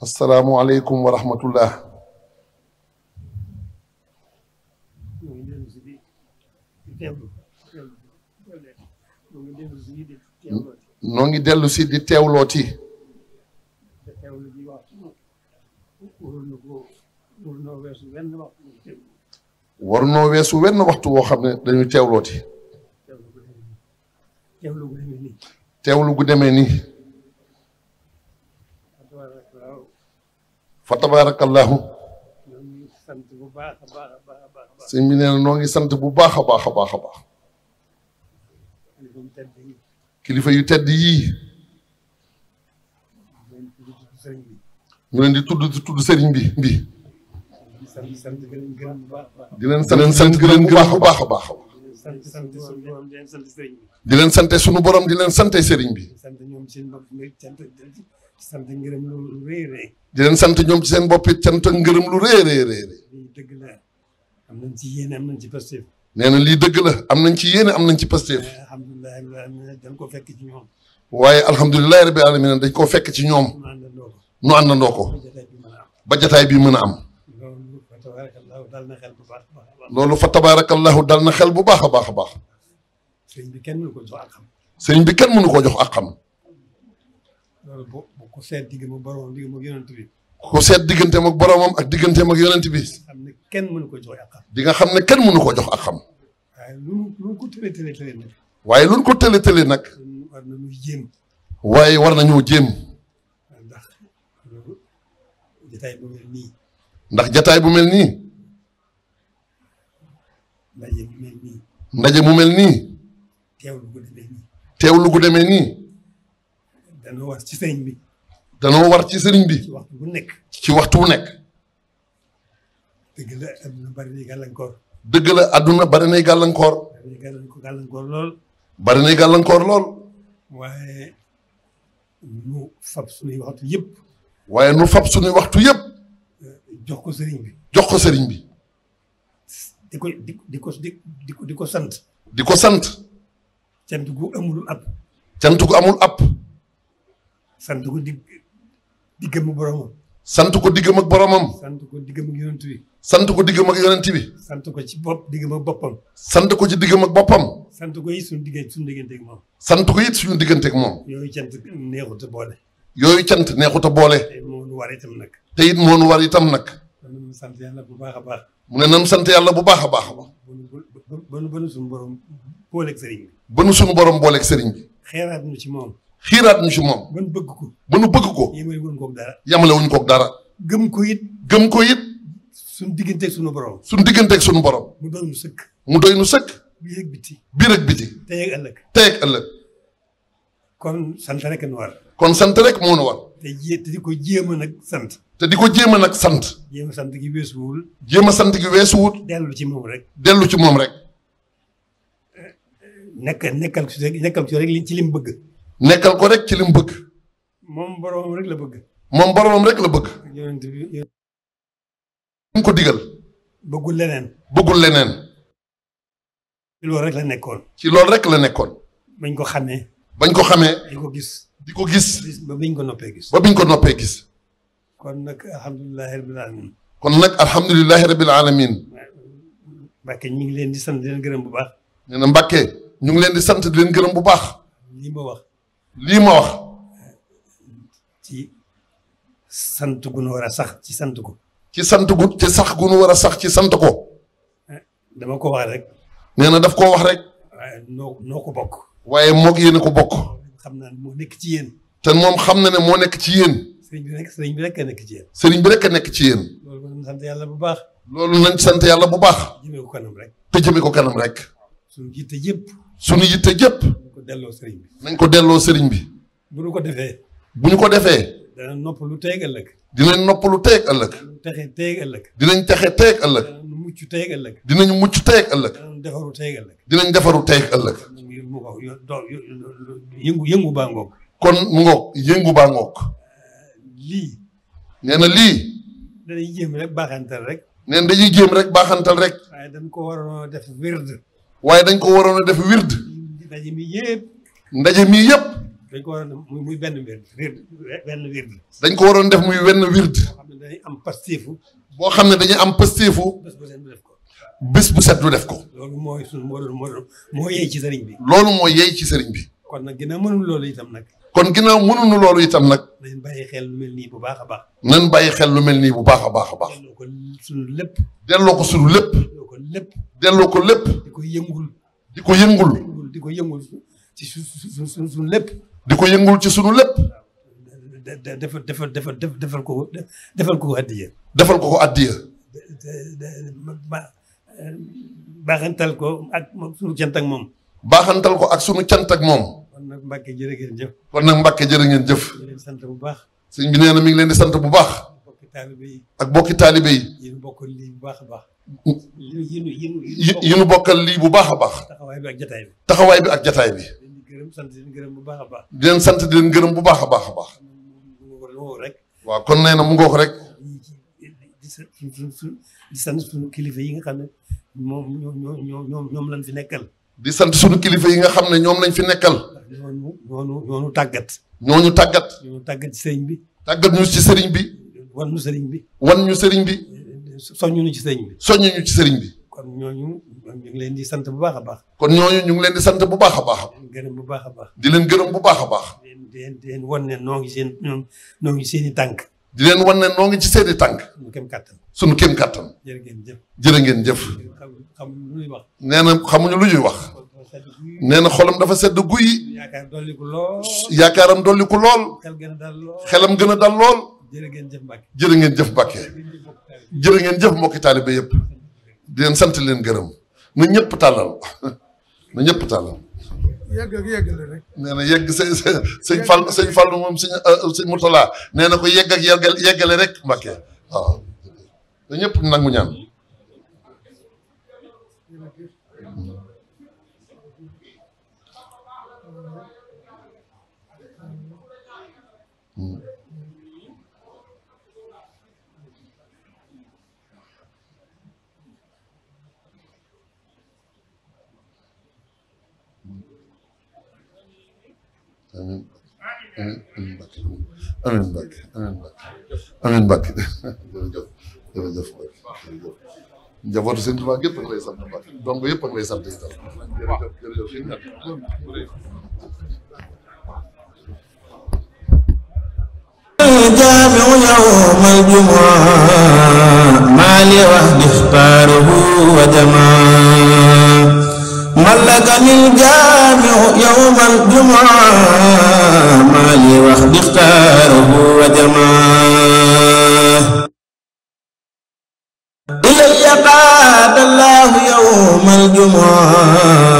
asalaamualeykum wa rahmatullah noo ngi dellu si di teewlooti war noo weesu wenn waxtu woo xam ne dañuy teewlooti teewlu gu demee nii fa tabaarakallaahu sëñ bi nee na noo ngi sant bu baax a baax baax a baax kilifa yu tedd yii mu leen di tudd di tudd sëriñ bi bi di leen sant gërëm bu baax a baax a baax sant sant suñu di leen sante sëriñ bi. di leen sant suñu borom di leen sant sëriñ bi. di sant ñoom seen bopp cant sant di leen sant ñoom ci seen bopp cant ngërëm lu rëy rëy rëy. lii dëgg la am nañ ci yéene am nañ ci pasteef. nee na lii dëgg la am nañ ci yéene am nañ ci pasteef. alhamdulilah dañ koo fekk ci ñoom. waaye alhamdulilah rabbil alamin dañ koo fekk ci ñoom. nu àndandoo ko. ba jataay mën a am. loolu daal na xel bu baax. loolu fa tabaarakallahu dal na xel bu baax a baax a baax. sëñ bi kenn mënu ko jox ak xam. sëñ bi kenn mënu koo jox ak xam. loolu boo ku seet diggante ak boromam diggante ak yonent bi. ku seet digganteem ak boromam ak digganteem ak yonent bi. xam ne kenn mënu ko jox ak nga xam ne kenn mënu ko jox ak xam. waaye lu lu ko tële tële nag. waaye lu ko tële nag. war nañu jéem. waaye war nañoo jéem. ndax jataay ndax jataay bu mel nii. ndaje mu mel nii. ndaje mu mel nii. teewlu gu demee nii. teewlu demee nii. war ci sëriñ bi. danoo war ci sëriñ bi. ci waxtu bu nekk. ci waxtu bu nekk. dëgg la adduna bari nay gàllankoor. dëgg la adduna bari nay gàllankoor. bari nay gàllankoor lool. bari nay gàllankoor lool. waaye nu fab suñuy waxtu yépp waaye nu fab suñuy waxtu yëpp. jox ko sëriñ bi. jox ko sëriñ bi. di ko di ko di ko di ko sant. di ko sant. cant gu amul ab. cant amul ab. sant ko di diggam ak sant ko diggam ak boromam. sant ko diggam ak yonent bi. sant ko diggam ak yonent bi. sant ko ci bopp diggam ak boppam. sant ko ci diggam ak boppam. sant ko it suñu diggante suñu diggante ak moom. sant ko it suñu diggante ak moom. yooyu cant neexut a boole. yooyu cant neexut a boole. te it moo nu war itam nag. te it moo nu war itam nag. mu sant yàlla bu baax a baax. mu ne nan sant yàlla bu baax a baax a baax. ba nu ba nu suñu borom booleeg sëriñ bi. ba nu suñu borom booleeg sëriñ bi. xiiraat ñu ci moom. xiiraat ñu ci moom. ba nu bëgg ko. ba nu bëgg ko. yemale wuñ koog dara. yemale wuñ koog dara. gëm ko it. gëm ko it. suñu digganteeg suñu borom. suñu digganteeg suñu borom. mu doy nu sëkk. mu doy nu sëkk. biir ak biti. biir ak biti. tey ak ëllëg. tey ak ëllëg. kon sant rek nu war. kon sant rek moo nu war. te jé di ko jéem a nag sant. te di ko jéem a nag sant. jéem a sant gi weesuwul. jéem a sant gi weesuwul. dellu ci moom rek. dellu ci moom rek. nekk nekkal ko nekkal ko rek ci lim bëgg. nekkal ko rek ci lim bëgg. moom boromam rek la bëgg. moom boromam rek la bëgg. yonent bi mu ko digal. bëggul leneen. bëggul leneen. ci loolu rek la nekkoon. ci loolu rek la nekkoon. bañ ko xamee. bañ ko xamee. di ko gis di ko gis. ba biñ ko noppee gis. ba biñ ko noppee gis. kon nag alhamdulilahi rabil alamin kon nag alhamdulilahi rabil alamin Mbacke ñu ngi leen di sant di leen gërëm bu baax. nee na Mbacke ñu ngi leen di sant di leen gërëm bu baax. lii ma wax. lii ma wax. ci sant gu nu war a sax ci sant ko. ci sant gu te sax gu nu war a sax ci sant ko. Eh, dama ko wax rek. nee na daf koo wax rek. waaye noo noo ko bokk. waaye moog yéen a ko bokk. xam naa ne moo nekk ci yéen. te moom xam na ne moo nekk ci yéen. sëriñ bi rek sëriñ bi rek a nekk ci yéen. sëriñ bi rek a nekk ci yéen. loolu nañ sant yàlla bu baax. loolu nañ sant yàlla bu baax. jëmee ko kanam rek. te jëmee ko kanam rek. suñu yitte yëpp. suñu yitte yëpp. nañ ko delloo sëriñ nañ ko delloo sëriñ bi. bu ñu ko defee. bu ñu ko defee. dana noppalu teeg ëllëg. dinañ noppalu teeg ëllëg. dinañ teeg ëllëg. dinañ texe ëllëg. dinañ mucc teeg ëllëg. dinañ mucc teeg ëllëg. defaru tey ëllëg. dinañ defaru tey ëllëg. yëngu yëngu baa ngoog. kon mu ngoog yëngu baa ngoog. lii. nee na lii. dañuy jéem rek baaxantal rek. neen dañuy jéem rek baaxantal rek. waaye dañ ko waroon a def wird. waaye dañ ko waroon a def wird. ndaje mi yëpp. ndaje mi yëpp. dañ ko waroon muy muy benn wird benn wird. dañ ko waroon def muy wenn wird. boo xam ne dañuy am pasteefu. boo xam ne dañuy am pasteefu. bés bu set ñu def ko. bés bu set lu def ko. loolu mooy sunu moo doon moo doon moo yey ci sëriñ bi. loolu moo yey ci sëriñ bi. kon nag ginnaaw mënuñu loolu itam nag. kon ginnaaw mënuñu loolu itam nag. nañ bàyyi xel lu mel nii bu baax baax. nañ bàyyi xel lu mel nii bu baax a baax a baax. delloo ko sunu lépp. delloo ko sunu lépp. delloo lépp. delloo ko lépp. di ko yëngul. di ko yëngul. di ko yëngul ci su su su sunu lépp. di ko yëngul ci sunu lépp. defal defal defal defal ko defal ko ko defal ko ko addiya. Euh, baaxantal ko ak sunu cant ak moom. baaxantal ko ak sunu cant moom. kon nag Mbacke jërë ngeen jëf. kon nag Mbacke jërë ngeen jëf. leen sant bu baax. sëñ bi nee na mi ngi leen di sant bu baax. ak bokki taalibe yi. yi nu bokkal bu baax a baax. Mm. yi nu yi nu bokkal lii bu baax a baax. taxawaay bi ak jataay bi. taxawaay bi ak jataay bi. di leen gërëm sant di leen gërëm bu baax a baax. di leen sant di leen gërëm bu baax a baax a baax. waaw kon nee na mu ngoog rek. di sant suñu kilifa yi nga xam ne moom ñoo ñoo ñoom lañ fi nekkal. di sant suñu kilifa yi nga xam ne ñoom lañ fi nekkal. ñooñu ñooñu ñooñu tàggat. ñooñu tàggat. ñooñu tàggat ci sëriñ bi. tàggat ñu ci sëriñ bi. wan ñu sëriñ bi. wan ñu sëriñ bi. soññu ñu ci sëriñ bi. soññu sëriñ bi. kon ñooñu ñu ngi leen di sant bu baax a baax. kon ñooñu ñu ngi leen di sant bu baax baax. di leen gërëm bu baax a baax. di leen gërëm bu baax a baax. di leen di ne noo ngi seen noo ngi seen i tànk. di leen wan ne noo ngi ci seeni tànk. sunu kéem kattan sunu kéem kattan. jërë ngeen jëf jërë ngeen jëf. nee na xamuñu lu ñuy wax. nee na xolam dafa sedd guy. yaakaaram dolli ko lool. yaakaaram dolli ko lool. xelam gën a dal lool. jërë ngeen jëf Mbacke. jërë ngeen jëf Mbacke. jërë ngeen jëf mbokki taalibe yëpp. di leen sant leen gërëm. na ñëpp tàllal na ñëpp tàllal. yàgg ak rek. nee na yegg sëñ sëñ Fall sëñ fal moom sëñ euh, sëñ Mourtala nee na ko yegg ak yàggal yeggale rek Mbacke waaw. te ñëpp nangu ñaan. amiin amiin Mbacke amiin Mbacke amiin Mbacke amiin Mbacke jërëjëf jërëjëf jërëjëf njabootu sëñ Tuubaa yëpp a ngi lay sant Mbacke donc yëpp a ngi lay sant itam jaamiu yawmal jumu'a maa li wax dixtaaruhu wa jamaa ملكني الجامع يوم الجمعة ما لي وحدي اختاره وجمعه إلي قاد الله يوم الجمعة